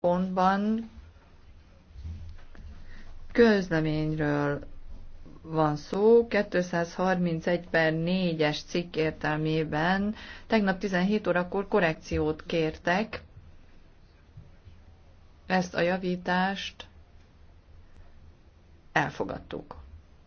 pontban közleményről van szó, 231 per 4-es cikk értelmében tegnap 17 órakor korrekciót kértek. Ezt a javítást elfogadtuk.